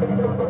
Thank you.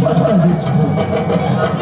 What was this?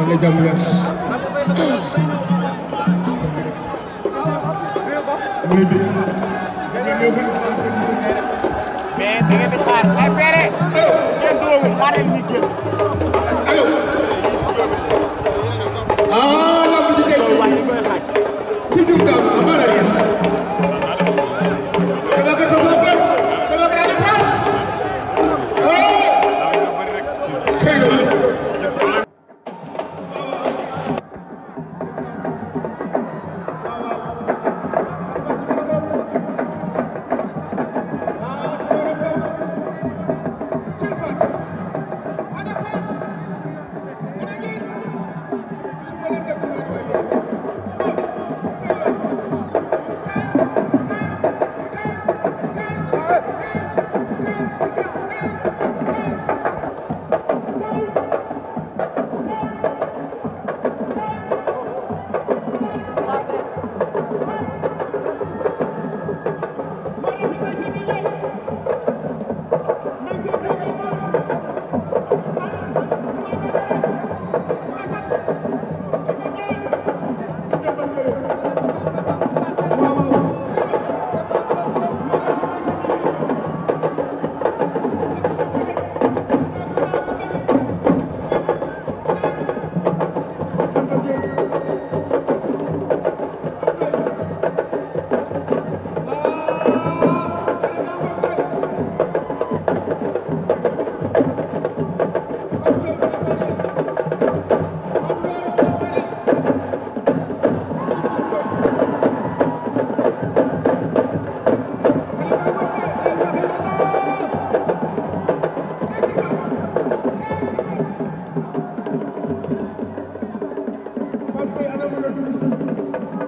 Obrigado, mulher. muy bi mais da ngeen di xaar ay pere kenn duwagul xaaral ñu génn Pape Boye ana mën a dugg si